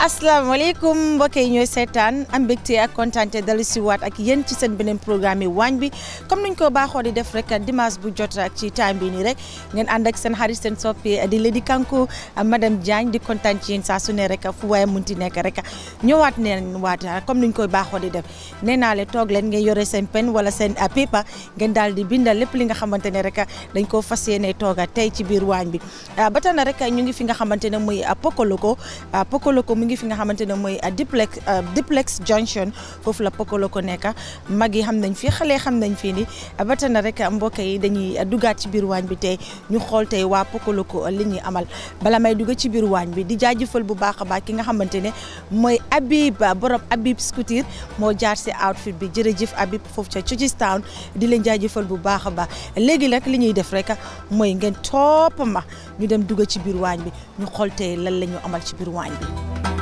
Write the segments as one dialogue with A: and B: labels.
A: asalaamaaleykum mbokk yi ñooy seetaan am mbégte ak kontaante dalu si waat ak yéen ci seen beneen programme yi waañ bi comme niñ ko baaxoo di def rek dimas bu jot ak ci temps bi nii rek ngeen ànd ak seen xarit seen soppi di di Lady Kankou madame Diagne di kontaan ci yéen su ne rek fu waaye munti nekk rek ñëwaat neen waat a comme niñ koy baaxoo di def nee naa leen toog leen ngeen yore seen pen wala seen a paper ngeen daal di bindal lépp li nga xamante ne rek dañ koo fas yéene tooga tey ci biir waañ bi ba na rek ñu ngi fi nga xamante ne muy Pokoloko Pokoloko fi nga xamante ne mooy euh, duplex euh, duplex junction foofu la Poco Loco nekk mag yi xam nañ fi xale xam nañ fii ni ba tey na rek mbokk yi dañuy duggaat ci biir waañ bi tey ñu xool tey waa Poco Loco li ñuy amal bala may dugg ci biir waañ bi di jaajëfal bu baax a baax ki nga xamante ne mooy Abib euh, borom Abib Scoutir moo jaar si outfit bi jërëjëf Abib foofu ca Churchill's Town di leen jaajëfal bu baax a baax léegi nag li ñuy def rek mooy ngeen topp ma ñu dem dugg ci biir waañ bi ñu xool lan la amal ci biir waañ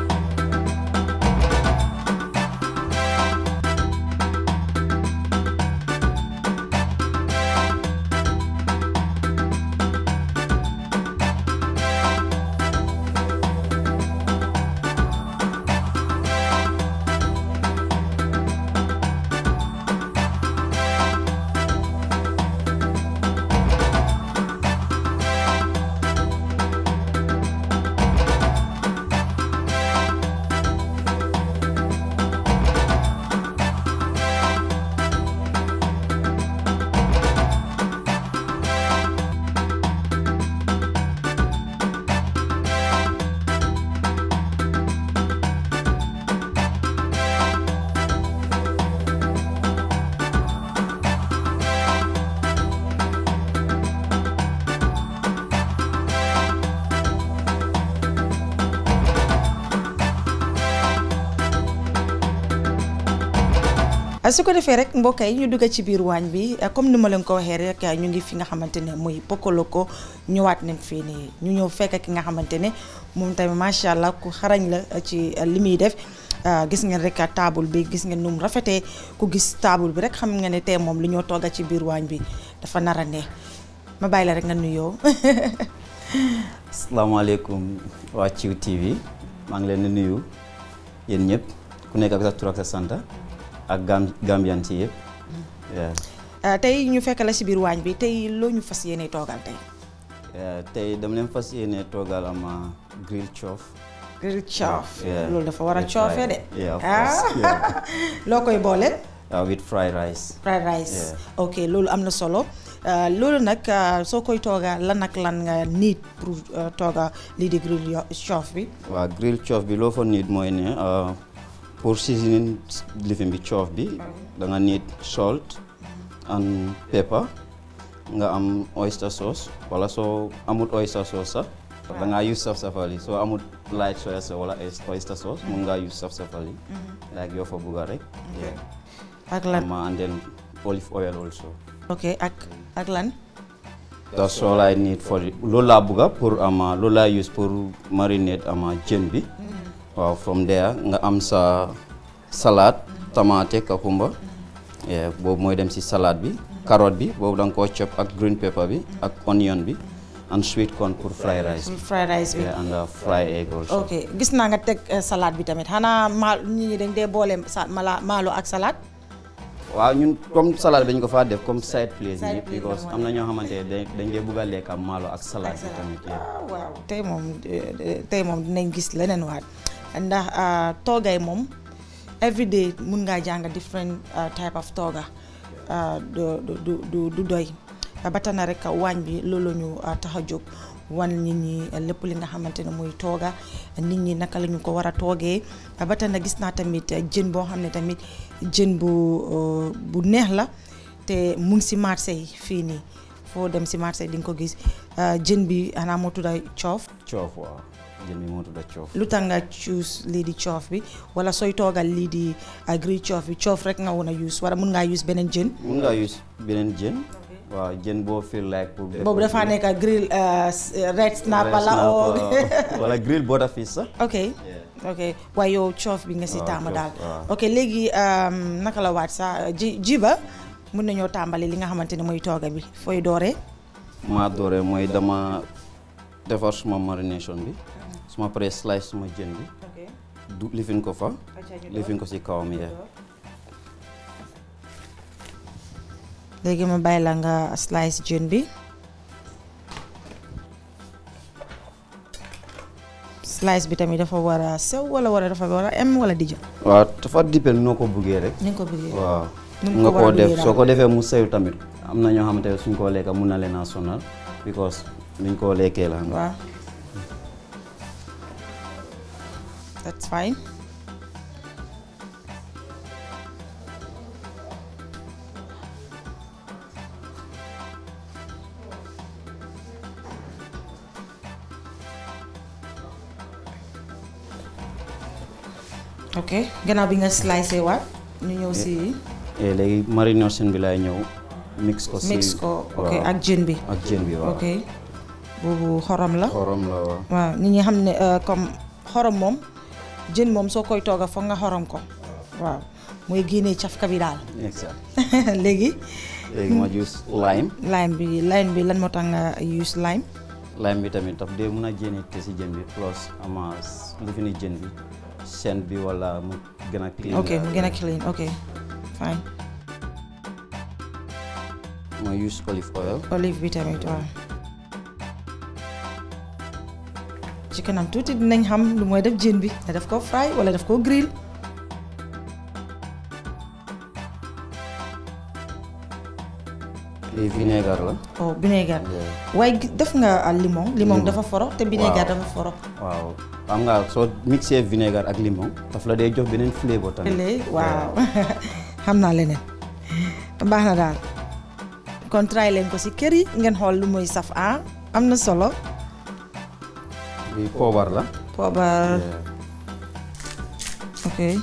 A: Ah, su ko defee rek mbokk yi ñu dugg ci biir waañ bi ah, comme ni ma leen ko waxee rek ah, ñu ngi fi nga xamante ne muy Pokoloko ñëwaat nañ fii nii ñu ñëw fekk ki nga xamante ne moom tamit macha allah ku xarañ la ci li muy def. gis ngeen rek taabul bi gis ngeen nu mu rafetee ku gis taabul bi rek xam nga ne tey moom li ñoo togg ci biir waañ bi dafa nara ne ma bàyyi la rek nga nuyoo.
B: asalaamaaleykum waa Ciw TV maa ngi leen di nuyu yéen ñëpp ku nekk ak sa tur sa sant. ak Gambian si euh
A: tay ñu fekk la si bir wañ bi tay lo ñu fas yéene toogal tey.
B: tay dama leen lama yéene toogal ama uh, grill chof
A: grill chof lool dafa wara a dé de. Ah. koy
B: uh, with fried rice. fried rice. yeah.
A: okay lool amna solo uh, loolu nak so koy tooga lan nak lan nga need pour toga li di grill chof bi.
B: wa grill chof bi lo fa need mooy ne. Pour seasoning leafing bi coof bi danga nit need salt and pepper nga am oyster sauce wala soo amut oyster sauce sax da use saf-safali soo amut light soya sauce wala oyster sauce mun ngaa use saf-safali mm-hmm. like
A: yoo fa bugga rek
B: ak lan and then olive oil also
A: ok ak lan
B: that's all I need for loolu laa bugga pour ama loolu laa use pour marinate ama jën bi mm-hmm. waaw from there nga am sa salade tomate kakumba eh, boobu mooy dem si salade bi carotte bi boobu da nga koo ak green pepper bi ak onion bi and sweet corn pour fried rice. fried bi and ok
A: gis naa nga teg eh, salade bi tamit xanaa maa nit ñi dañ dee boole maalo ak salade.
B: waaw ñun comme salade dañ ko fa def comme side place bi because am na ñoo xamante ne dañ dee bugg a lekk maalo ak salade bi tamit. Ah,
A: tey moom eh, tey gis leneen waat. ndax uh, uh, toogay moom everyday mun ngaa jàng different uh, type of tooga du du du doy ba tax na rek waañ bi loolu ñu tax a jóg wan nit ñi lépp li nga xamante ne muy tooga nit ñi naka la ñu ko war a toogee ba tax na gis naa tamit jën boo xam ne tamit jën bu bu neex la te mu ngi si marché yi fii nii foo dem si marché di nga ko gis jën bi xanaa moo tudda coof
B: coof waaw jën bi lu tax nga
A: choose lii di coof bi wala sooy toogal lii di ah, grille coof bi coof rek nga woon a use wala mun ngaa use beneen jën mun
B: ngaa use beneen jën waaw jën boo feel like boobu dafaa nekk
A: grill ah, eh, red snapper la oh.
B: wala grill butterfish sax
A: ok ok waaye yow coof bi nga si tàmm daal ok léegi naka la waat sax ji jiba mun nañoo tàmbali li nga xamante ni mooy tooga bi fooy dooree
B: maa dooree mooy dama defar suma marination bi suma paree slice suma jën bi. du lifin ko fa. lifin ko si kawam yee.
A: léegi ma bàyyi la nga slice jën bi. slice bi tamit dafa war a sew wala wala dafa war a em wala di jë.
B: waaw dafa dipel noo ko buggee rek. ni nga ko def soo ko defee mu sew tamit. am na ñoo xamante ne suñ koo lekka mun na leen a sonal because luñ koo lekkee la. waaw
A: zwei. ok gannaaw bi nga slice waat ñu ñëw Eh,
B: eh léegi marination bi laay ñëw. mix ko mix ko ok ak jën bi. ak jën bi waaw ok.
A: boobu xorom la xorom la waaw. waaw nit ñi xam ne eh, comme xorom moom. jën moom soo toga tooga foog nga xorom ko waaw mooy génnee cafka bi daal léegi léegi ma
B: use lime
A: lime bi lime bi lan moo nga uh, use lime
B: lime bi tamit daf dee mun a te si jën bi plus ama lu fi ni bi seen bi wala mu gën clean ok mu gën clean
A: ok fine
B: ma use olive oil olive bi tamit waaw
A: ci kanam tuuti dinañ xam lu mooy def jën bi ne def ko fry wala def ko grill
B: lii vinaigre la. oh vinaigre.
A: waaye def nga limon. limon dafa foro te vinaigre dafa foro.
B: waaw xam nga soo mixé vinaigre ak limon daf la day jox beneen flavor tamit. waaw
A: xam naa leneen baax na daal. kon try leen ko si kër yi ngeen xool lu muy saf ah, am na solo.
B: lah power yeah.
A: Oke. okay.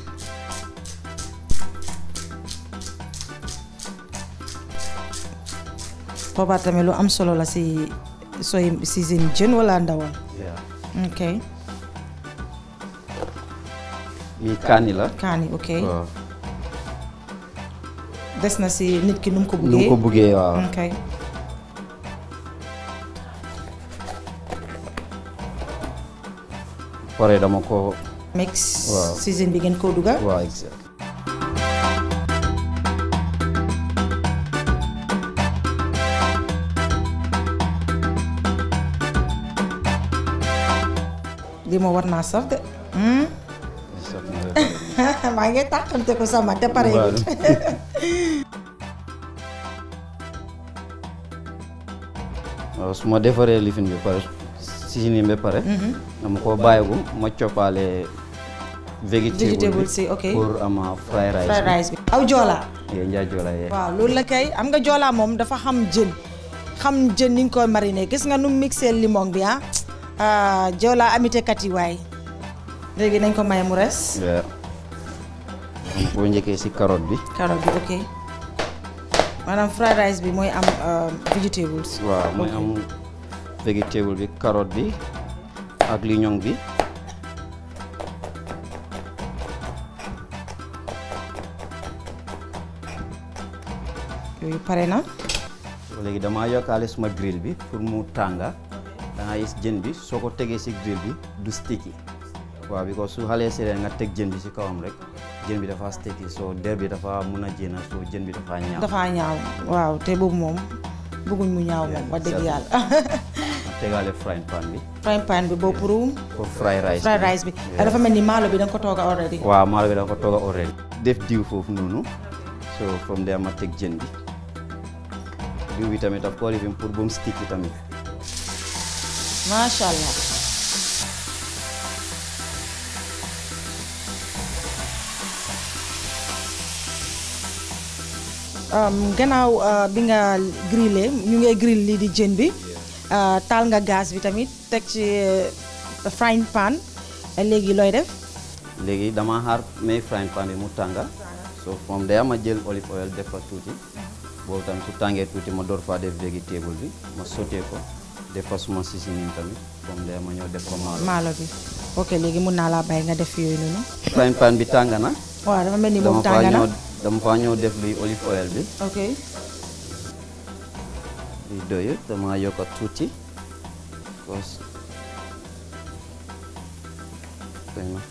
A: power tamit lu am solo la si sooy si seen jën wala ndawal iya. ok
B: lii kaani la kaani
A: ok des na si nit ki nu mu ko buggee nu ko buggee waaw
B: pare dama ko mix season
A: bi ngeen koo dugal waaw exact li ma war naa saf de hmm maa ngi tàqante ko sama te pare waaw defare
B: ma defaree lifin bi pare seasoning ba pare. Mhm. dama ko bàyyigu ma coppaale. vegetable si ok pour ama fry rice fry rice bi aw jola yee njaa joola yee
A: waaw loolu la kay am nga jola moom dafa xam jën xam jën ni nga koy mariné gis nga nu mixé limon bi ah, ah amite kati yi waay léegi nañ ko may mu res
B: boo njëkkee si carotte bi
A: carotte bi ok maanaam fry rice bi mooy am euh, vegetables waaw mooy am
B: vegetable bi carotte bi ak liñoŋ bi yooyu pare na léegi damaa yokkaale suma grill bi pour mu tànga danga soo ko tegee si grill bi du bi ko su xalee séeréer teg jën bi si kawam rek jën bi dafa sticky soo bi dafa mun a jéena soo jën bi dafa ñaaw dafa
A: ñaaw waaw te moom bëgguñ mu ñaaw moom wax dëgg yàlla
B: tegalé frying pan bi.
A: frying pan bi boobu pour. pour fry rice fry rice bi. ala fa melni malo bi dang ko toga already. wa
B: malo bi dang ko toga already. def diw fofu nonu so from there ma tek jeun bi diw bi tamit of koo pour bom sticky tamit.
A: sha allah. Um, uh, bi nga grillé ñu ngay grill di jën bi Eh, tal nga gaz bi tamit tek ci eh, frying pan eh, léegi loy def.
B: léegi dama har may frying pan bi mu tanga so from there ma jël olive oil def fa touti bo tam su tangé touti ma dor fa def vegetable bi ma sauté ko def fa suma sisi tamit from there ma ñow def ko
A: malo bi ok léegi mu na la bay nga def yoy nonu
B: frying pan bi tanga na.
A: wa dama melni mu tanga na
B: dama fa ñow def li olive oil bi. ok. videoyo mga Yoko Tuti. Because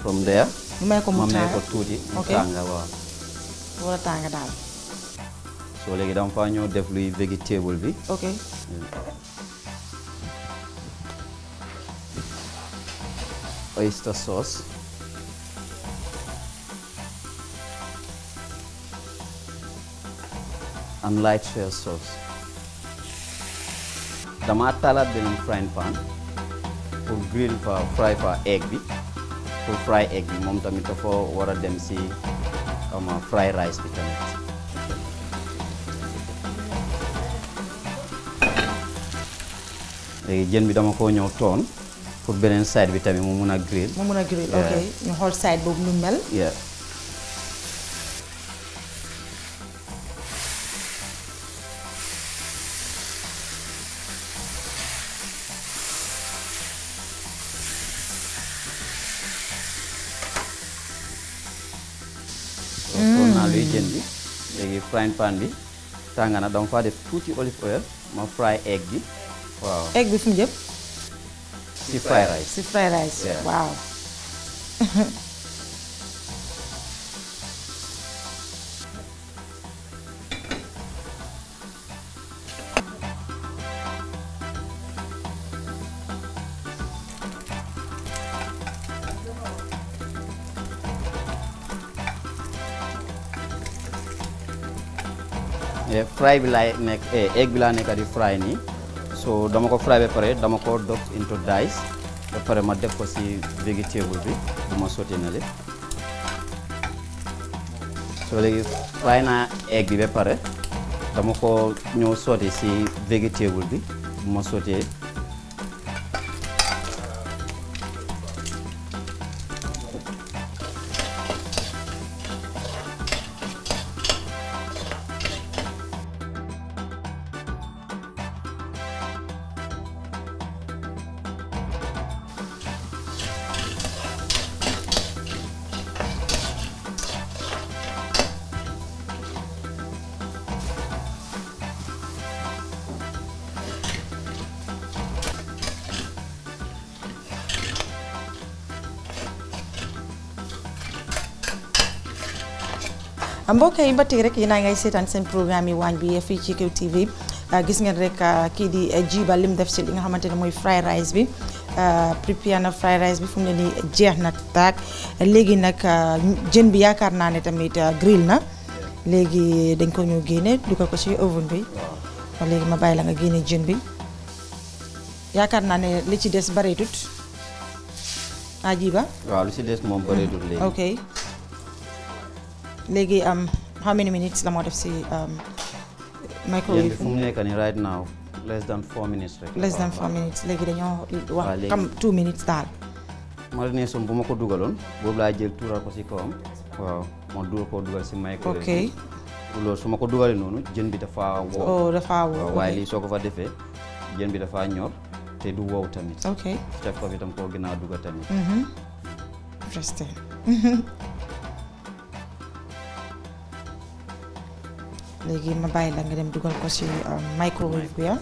B: from there, Mamaya ko Tuti, okay. tanga wa.
A: Wala tanga dal.
B: So legi dam fa ñoo def vegetable bi. Okay. Oyster sauce. and light shell sauce. dama talat beneen frying pan pour grill fa fry fa egg bi pour fry egg bi mom tamit dafa wara dem ci comme fry rice bi tamit léegi jën bi dama ko ñëw ton pour benen side bi tamit mu mun grill mu mun a grill okay
A: ñu hol side bobu nu mel
B: frying pan bi tàng na dama faa def tuuti ma fry egg bi egg
A: bi fu mu jëm. fry rice waaw.
B: fry bi lay nek egg bi la nek di fry ni so dama ko fry ba pare dama ko dok into dice ba pare ma def ko ci vegetable bi dama sauté na le so legi fry na egg bi ba pare dama ko ñew sauté ci vegetable bi dama sauté
A: mbokk yi ba rek yi naa ngay seetaan seen programme yi waañ bi fii ci QTV ah, gis ngeen rek ah, kii di eh, jiba lim def si li nga xamante ne mooy fried rice bi ah, prepare na fried bi fu mu ne nii jeex na taag léegi nag jën bi yaakaar naa ne tamit grill na léegi dañ ko ñëw génne dugal ko ci oven bi léegi ma bàyyi la nga génne jën bi yaakaar naa ne li ci des bareetut a jiba
B: waaw li ci des moom bareetut hmm, léegi
A: léegi am um, how many minutes la moo def si um, microwave. yéen mu
B: nekk nii right now less than four minutes rek. less than four minutes
A: léegi dañoo wax xam two minutes daal.
B: marinaison bu ma ko dugaloon boobu laa jël tuural ko si kawam waaw moo dugal koo dugal si microwave. ok loolu su ma ko dugalee noonu jën bi dafa woo. Oh, waaye lii soo ko fa defee jën bi dafaa ñor te du wow tamit. ok def ko fi tam koo gën a dugal tamit.
A: Mm-hmm. léegi ma bàyyi la nga dem dugal ko ci euh, microwave bi ah?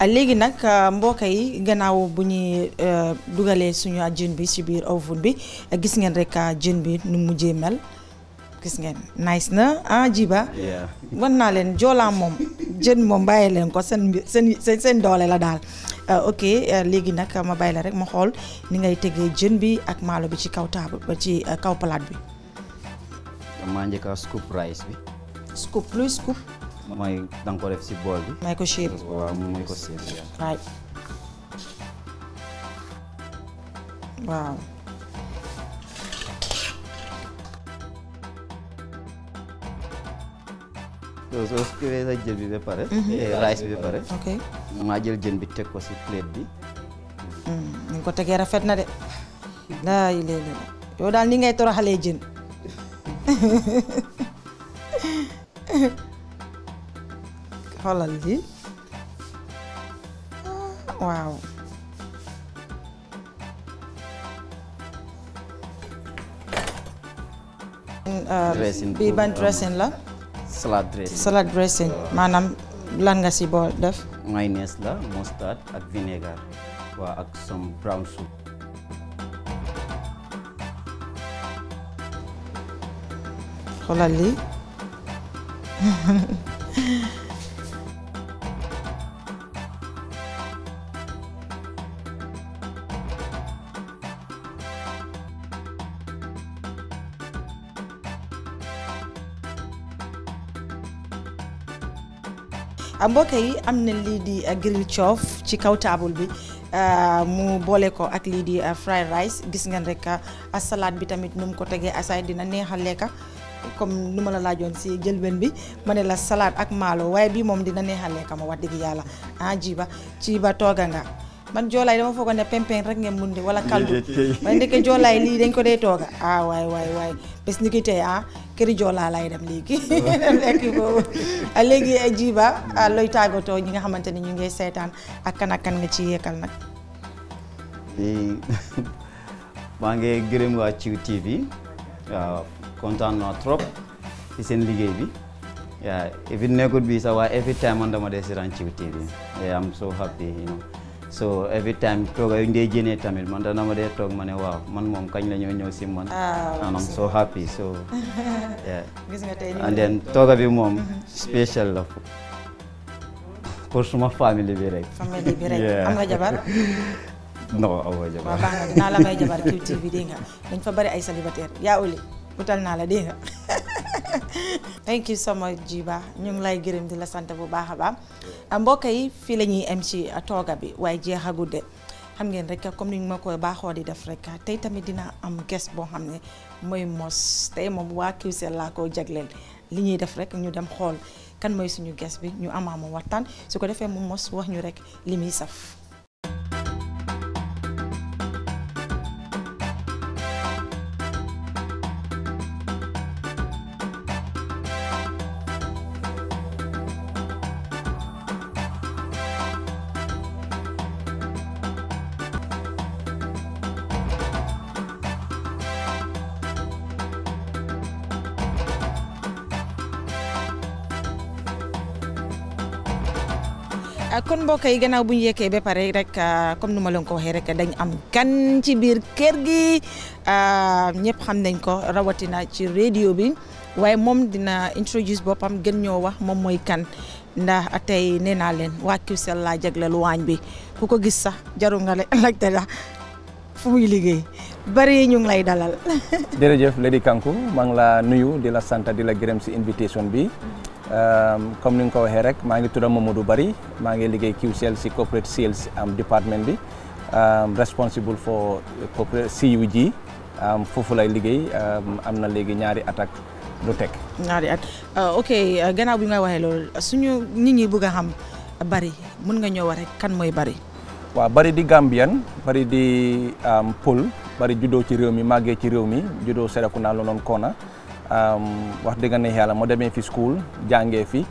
A: léegi nag euh, mbokk yi gannaaw bu ñuy euh, dugalee suñu jën bi si biir oven bi gis ngeen rek euh, jën bi nu mujjee mel gis ngeen nice na ah jiba wan naa leen joolaa moom jën moom bàyyi leen ko seen seen seen doole la daal ok léegi nag ma bàyyi la rek ma xool ni ngay tegee jën bi ak maalo bi ci kaw table ci kaw palaat bi.
B: maa njëkk scoop rice bi.
A: scoop luy scoop.
B: mooy da ko def si bool bi. may ko shape waaw ah, may ko shape
A: waaw. waaw.
B: soo soo kiwee sa bi ba pare. Mhm. Eh, rice bi jël jën bi teg ko si plate bi.
A: Mm, ni ko tegee rafet na de. laa yi léegi daal ni ngay toroxalee jën. xoolal ji waaw bi ban dressing la salad dressing salad dressing Manam, lan nga ci bol def
B: mayonnaise la mustard ak vinegar, wa ak some brown soup
A: xoolal li. Ah, mbokk yi am na lii di ah, grill coof ci kaw taabul bi ah, mu boole ko ak lii di fried rice gis ngeen rek a salade bi tamit nu mu ko tegee asay dina neexal lekka comme nu ma la laajoon si jëlbeen bi ma ne la salade ak maalo waaye bii moom dina neexal lekka ma wax dëgg yàlla ah jiba jiba tooga nga man joolaay dama foogoon ne pempeng rek ngeen mun di wala kaldu man ndeke joolaay lii dañ ko dee tooga ah waay waay waay bés ni ki tey ah këri joolaa laay dem léegi dem lekki boobu ah, léegi eh, jiba ah, looy tàggatoo ñi nga xamante ni ñu ngi seetaan ak kan ak kan nga ci yeekal nag
B: maa ngi gërëm waa Ciw TV waaw kontaan naa trop ci seen liggéey bi waaw if it nekkul bi sax waa every time man dama dee seetaan Ciw TV am so happy you so every time tooga yu ndee jënee tamit man dana ma dee toog ma waaw man moom kañ la ñoo ñëw si man ah, and I'm so happy so yeah and then tooga bi moom special la pour suma famille bi rek famille bi rek am nga jabar non amoo jabar baax la may jabar QTV dégg
A: nga dañ fa bari ay célibataire yaa uli utal naa la dégg nga thank you sama much ñoom ñu lay gërëm di la sant bu baax a baax mbokk yi fii la ñuy am ci uh, tooga bi waaye jeexagut de xam ngeen rek comme ni ñu ma koy baaxoo di def rek tey tamit dina am guest boo xam ne mooy mos tey moom waa seen laa ko jagleel li ñuy def rek ñu dem xool kan mooy suñu ges bi ñu amaa amaama waxtaan su ko defee mu mos wax ñu rek li muy saf. Ah, kon mbokk yi gannaaw bu ñu ba pare rek ah, comme nu ma leen ko waxee rek dañ am gan ci biir kër gi ah, ñëpp xam nañ ko rawatina ci radio bi waaye moom dina introduce boppam gën ñoo wax moom mooy kan ndax tey nee naa leen waa Qcell laa jagleel waañ bi ku ko gis sax jaru nga laajte la fu muy liggéey bari ñu ngi lay dalal.
C: jërëjëf Lady Kanku maa ngi la nuyu di la sant di la gërëm si invitation bi. Euh, comme ni nga ko waxee rek maa ngi tudd du bari maa ngi liggéey QCell si corporate sales am um, department bi um, responsible for corporate CUG um, foofu lay liggéey am na léegi ñaari attaque lu teg.
A: ñaari at uh, ok uh, gannaaw bi nga waxee loolu suñu nit ñi bëgg a xam bari mun nga ñëw rek kan mooy bari
C: waaw bari di Gambian bari di Pël Barry juddoo ci réew mi màggee ci réew mi naa Serekunda Lonankona. wax dëgg neex yàlla ma demee fi school jàngee fi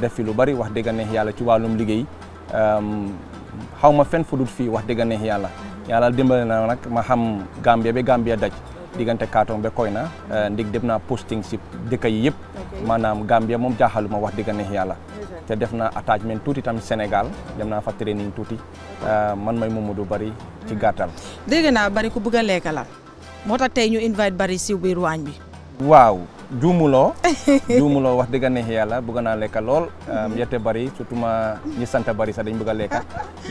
C: def fi lu bari wax dëgg yàlla ci wàllum liggéey xaw ma fenn fu dul fii wax dëgg yàlla yàlla dimbale na nag ma xam Gambia be Gambia daj diggante Kartong ba na e, ndig dem naa posting si dëkk yi yëpp maanaam Gambia moom jaaxaluma wax dëgg neex yàlla te def naa attachment tuuti tamit Sénégal dem naa fa training tuuti man may Momodou Barry ci mm. gàttal.
A: dégg naa Barry ku bëgg a la moo tax tey bi.
C: waaw juumuloo juumuloo wax dëgg neex yàlla bëgg naa lekka lool mhm. yette bari surtout ma ñi sant bari sax dañ bëgg a lekka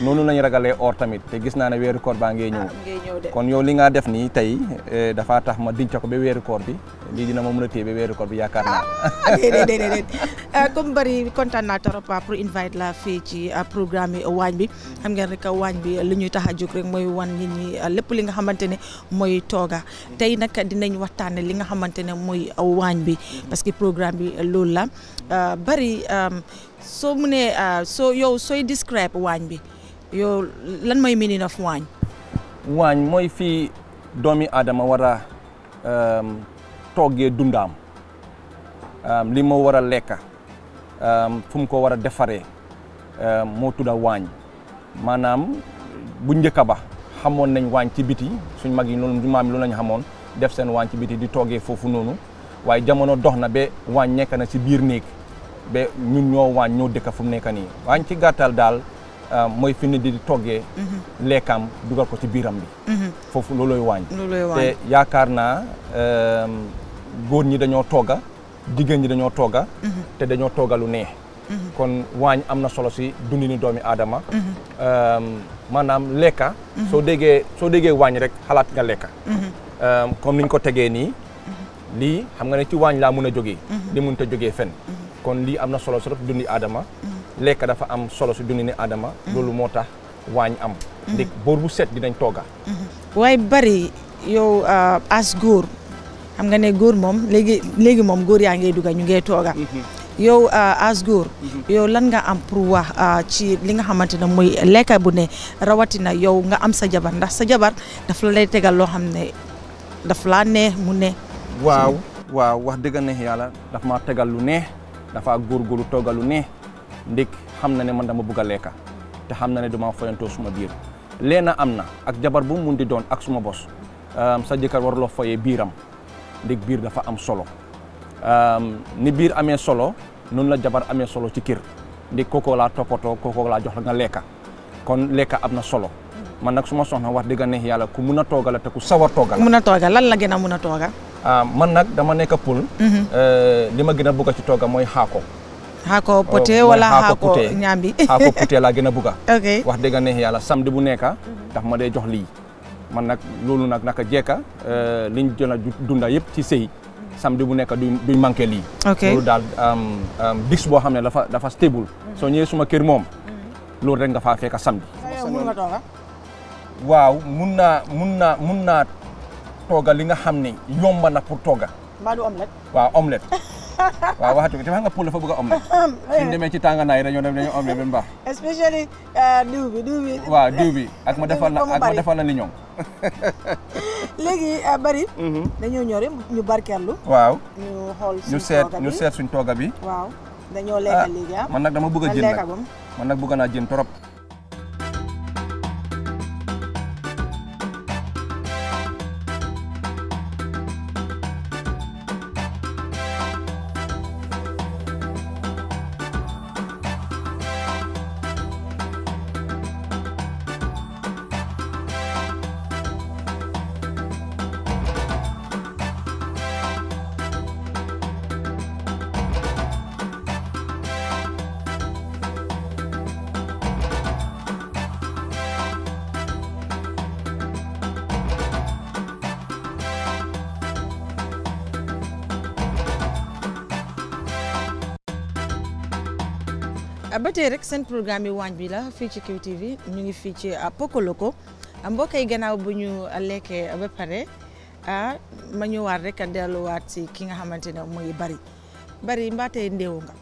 C: noonu lañ ragalee or tamit te gis naa ne weeru koor baa ngee ñëw ah, kon yow li nga def nii tey eh, dafa tax ma dinca ko ba weeru koor bi lii dina ma mën a téye weeru ko bi yaakaar naa. Ah, déedéet
A: déedéet eh, comme bari kontaan naa trop ah, pour invite la fii ci ah, programme yi waañ bi xam ngeen rek waañ bi li ñuy tax a jóg rek mooy wan nit ñi lépp li nga xamante ne mooy tooga tey nag dinañ waxtaane li nga xamante ne mooy waañ bi parce que programme bi loolu la bari soo mënee soo yow sooy describe waañ bi yow lan mooy meaning of waañ.
C: waañ mooy fii doomi aadama war toggee dundaam um, li ma war a lekka um, fu mu ko war a defaree um, moo tudda waañ maanaam bu njëkka ba xamoon nañ waañ ci biti suñ mag yi noonu maam yi loolu lañ xamoon def seen waañ ci biti di toggee foofu noonu waaye jamono dox na ba waañ nekk na si biir néeg ba ñun ñoo waañ ñoo dëkk fu mu nekk nii waañ ci gàttal daal mooy fi nit di toggee mhm. lekkaam dugal ko ci biiram bi mhm. foofu loolooy waañ te yaakaar naa góor ñi dañoo togga jigéen ñi dañoo togga mhm. te dañoo togga lu mhm. kon waañ am na solo si dundinu doomi aadama mhm. ehm, maanaam lekka soo déggee soo déggee waañ rek xalaat nga lekka kon ehm, niñ ko tegee nii lii xam nga ne ci waañ laa mun a jógee li mun ta jógee fen kon lii am na solo si dundi aadama lekka dafa am solo si ni aadama loolu moo tax waañ am ndik boor bu set dinañ togga
A: waaye bari yow ah, as góor xam nga ne góor mom legi léegi moom góor yaa ngay dugg ñu ngay mhm. yow euh, as góor mhm. yow lan nga am pour wax euh, ci li nga xamante ne mooy lekka bu ne rawatina yow nga am sa jabar ndax sa jabar daf la lay tegal loo xam ne daf laa neex mu ne waaw
C: waaw wax dëgg neex yàlla daf maa tegal lu neex dafa lu neex ndik xam na ne man dama bugg lekka te xam na ne duma suma biir leena amna ak jabar bu mu don, di doon ak suma bos euh, sa jëkkër waruloo foyee biiram ndig bir dafa am solo ni am solo noonu la jabar am solo ci kër ndig kookoo laa toppatoo kookoo laa jox nga kon leka am solo man nag su ma soxna wax dëgg neex yàlla ku mun a te ku sawar toogal. mun
A: a toogal lan la gën a mun a
C: man dama nekk pul. Mhm. Euh, li ma gën a ci tooga mooy oh,
A: poté wala hako ñaambi hako
C: poté laa gën a bugg. ok wax dëgg neex yàlla samedi bu nekk. Mhm. daf ma jox man nag loolu nag naka jekka euh, liñ jën a dunda yëpp ci sëy samedi bu nekk duñ duñ manqué lii loolu daal bis boo xam ne dafa dafa stable soo ñëwee suma kër moom loolu rek nga faa fekk samedi waaw mun naa mun naa mun naa tooga li nga xam ni yomba na pour tooga mbaa du omelette waaw waxatu bi te xam nga pour dafa bëgg a omle
A: suñ demee
C: ci tànganaay dañoo dem dañoo omle ba mu baax
A: especially euh, diw bi diw bi waaw diw bi ak ma defal na ak ma defal la li ñoom léegi euh, bari mhm. dañoo ñori ñu barkeellu waaw ñu xool ñu seet ñu seet suñ tooga bi waaw dañoo ah, ah. man nag dama bëgg jën nag
C: ma nag bëgg naa jën trop
A: ba tey rek seen programme yi waañ bi la fii ci QTV ñu ngi fii ci Pokoloko mbokk yi gannaaw bu ñu lekkee ba pare ah ma ñëwaat rek a delluwaat si ki nga xamante ne mooy bari bari mbaa tey ndeewu nga.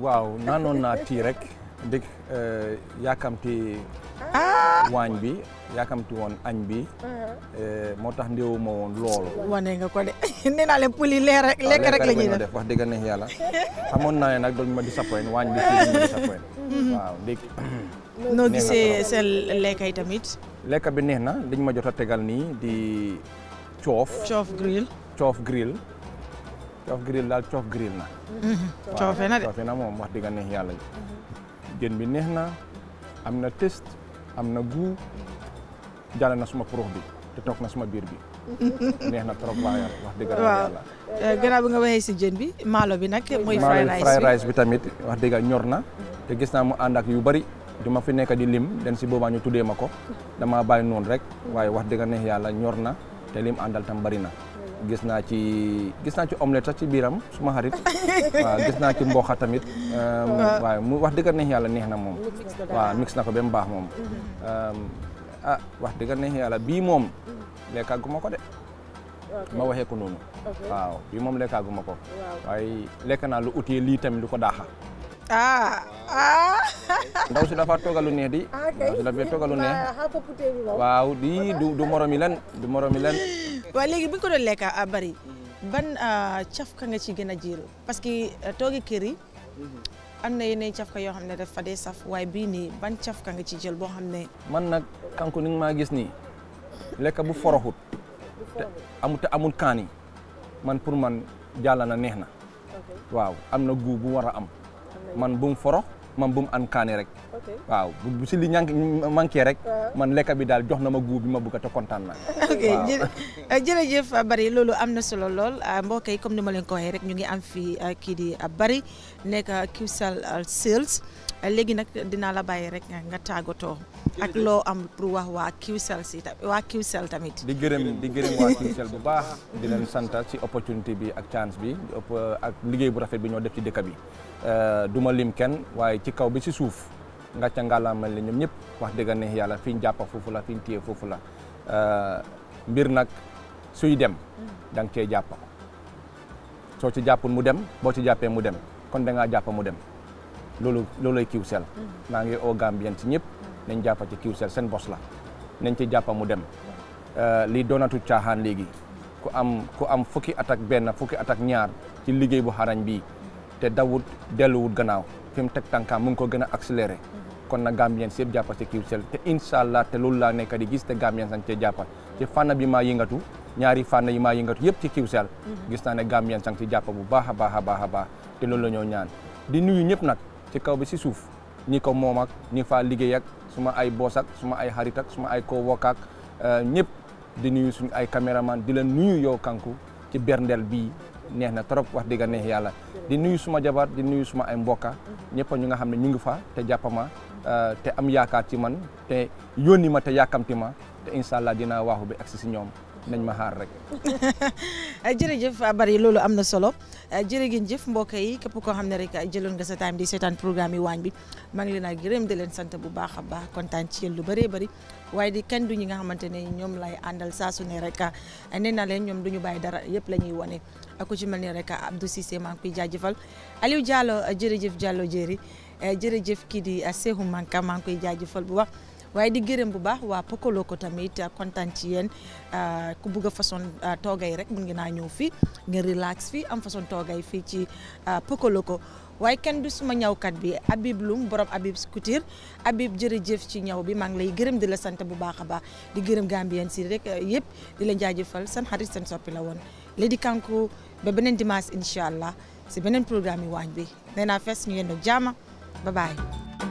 C: waaw naanoon naa tii rek dégg euh, yaakamti Ah. waañ bi yaakamti woon añ bi.
A: Uh-huh.
C: Eh, moo tax ndéewuma woon loolu.
A: wane nga ko de nee leen puli leer rek lekk rek la def
C: wax dëgg neex yàlla xamoon naa ne nag doñ ma disappoint waañ bi mm-hmm. waaw dégg noo gisee
A: seen lekk yi tamit.
C: lekk bi neex na dañ ma jot a tegal nii di coof. coof grill. coof grill. coof grill daal coof grill na.
B: Mm-hmm. coofe na de
C: coofe na moom wax dëgg neex yàlla jën bi neex na am na test. amna gu goût na suma prof bi te tok na suma bir bi
A: neex na trop waaye wax dëgg yàlla. Eh, gëna bu nga waxe si jën bi malo bi nak moy fried rice bi fried rice
C: bi tamit wax dëgg ñor na. te gis na mu ànd ak yu bari du ma fi nekk di lim den si boba ñu tuddé mako dama bay non rek waye wax dëgg neex yalla ñor na te lim andal tam bari na gis naa ci gis naa ci omelette sax ci biiram suma xarit waaw gis naa ci mboxa tamit waaw ehm, mu wax dëgg neex yàlla neex na moom waaw mix na ko ba mu baax moom mhm. ehm, ah wax dëgg neex yàlla bii moom mhm. lekkaaguma ko de ma waxee ko noonu waaw bii moom lekkaaguma ko waaye lekk naa lu utee lii tamit lu ko daaxa ah ah.
A: ndaw si
C: dafa toogalu neex di. ah kay ndaw si dafa toogalu neex. waaw di du du moromi len du moromi len
A: waaw léegi bi ñu ko doon lekk a ah, bari ban ah, cafka nga ci gën a jiiru parce que ah, toogi kër yi
C: mm-hmm.
A: am na yeneen cafka yoo xam ne dafa dee saf waaye bii nii ban cafka nga ci jël boo xam ne
C: man nag kanku ni maa gis nii lekk bu foroxut amut amul kaani man pour man jàll na neex na waaw am na guu bu war a am man bu mu forox man bu mu an kaane rek waaw bu si li rek uh-huh. man lekka bi daal jox na ma guub bi ma bëgg te kontaan naa ok a
A: uh, uh, Barry loolu am na solo lool uh, mbokk yi comme ni ma leen ko waxee rek ñu ngi am fii kii di Barry nekk Qcell Sales léegi nak dina la baye rek eh, nga tagoto ak lo am pour wax waa Qcell si wa Qcell tamit
C: di gërëm di gërëm wa Qcell bu baax di len sant si opportunité bi ak chance bi ak liggéey bu rafet bi ñoo def ci dëkk bi euh duma lim ken, waye ci kaw bi ci suuf nga ca ngàllaamal la ñoom ñëpp wax dëgg neex yalla fiñ japp fofu la fiñ ñu fofu la euh mbir nak suy dem mm. dang nga japp so ci jàppul mu dem bo ci jappé mu dem kon da nga japp mu dem loolu loolay seel maa ngi au Gambien ci ñëpp nañ jàppa ci Qcell seen bos la nañ ci jàppa mu dem euh, lii doonatu caaxaan léegi ku am ku am fukki at ak fukki at ñaar ci liggéey bu xarañ bi te dawut delluwut gannaaw fi mu teg tànkaam mu ngi ko gën a accéléré kon na Gambien si yëpp jàppa ci Qcell te incha allah te loolu laa nekk di gis te Gambien sañ cee jàppa ci fànn bi maa yëngatu ñaari fànn yi maa yëngatu yëpp ci Qcell mm-hmm. gis naa ne Gambien sañ ci jàppa bu baax a baax a baax a te loolu la ñoo ñaan di nuyu ñëpp nag ci kaw bi ci suuf ñi ko moom ak ñi faa liggéey ak suma ay boos ak suma ay xarit ak suma ay kowook ak euh, ñëpp di nuyu suñu ay cameraman di la nuyu yow kanku ci berndeel bii neex na trop wax diga neex yàlla di nuyu suma jabar di nuyu suma ay mbokka ñëpp ñu nga xam ne ñu ngi fa te jàppama euh, te am yaakaar ci man te yónni ma te yàkkamti ma te incha allah dinaa waaxu bi agsi si ñoom nañ ma xaar rek.
A: jërëjëf bari loolu am na solo jërëgin jëf mbokk yi képp koo xam ne rek ay jëloon nga sa time di seetaan programme yi waañ bi maa ngi leen a gërëm di leen sant bu baax a baax kontaan ci yéen lu bëree bari waaye di kenn du ñi nga xamante ne ñoom lay àndal saa su ne rek nee na leen ñoom du ñu bàyyi dara yëpp la ñuy wane ku ci mel ni rek Abdou Cissé maa ngi koy jaajëfal Aliou Diallo jërëjëf Diallo jëri jërëjëf kii di Sehu Manka maa ngi koy jaajëfal bu baax. waaye di gërëm bu baax waa Pokoloo ko tamit kontaan ci yéen euh, ku bugg a façon euh, toogay rek mun ngeen naa ñëw fii ngeen relax fii am façon toogay fii ci euh, Pokoloo ko waaye kenn du suma ñawkat bi Habib Loum borom Habib Couture Habib jëf ci ñaw bi maa ngi lay gërëm di la sant bu baax a baax di gërëm Gambien si rek yëpp di la jaajëfal seen xarit seen soppi la woon Lady Kankou ba beneen dimanche incha allah si beneen programme yi waañ bi nee naa fees ñu yendoo jaama ba baay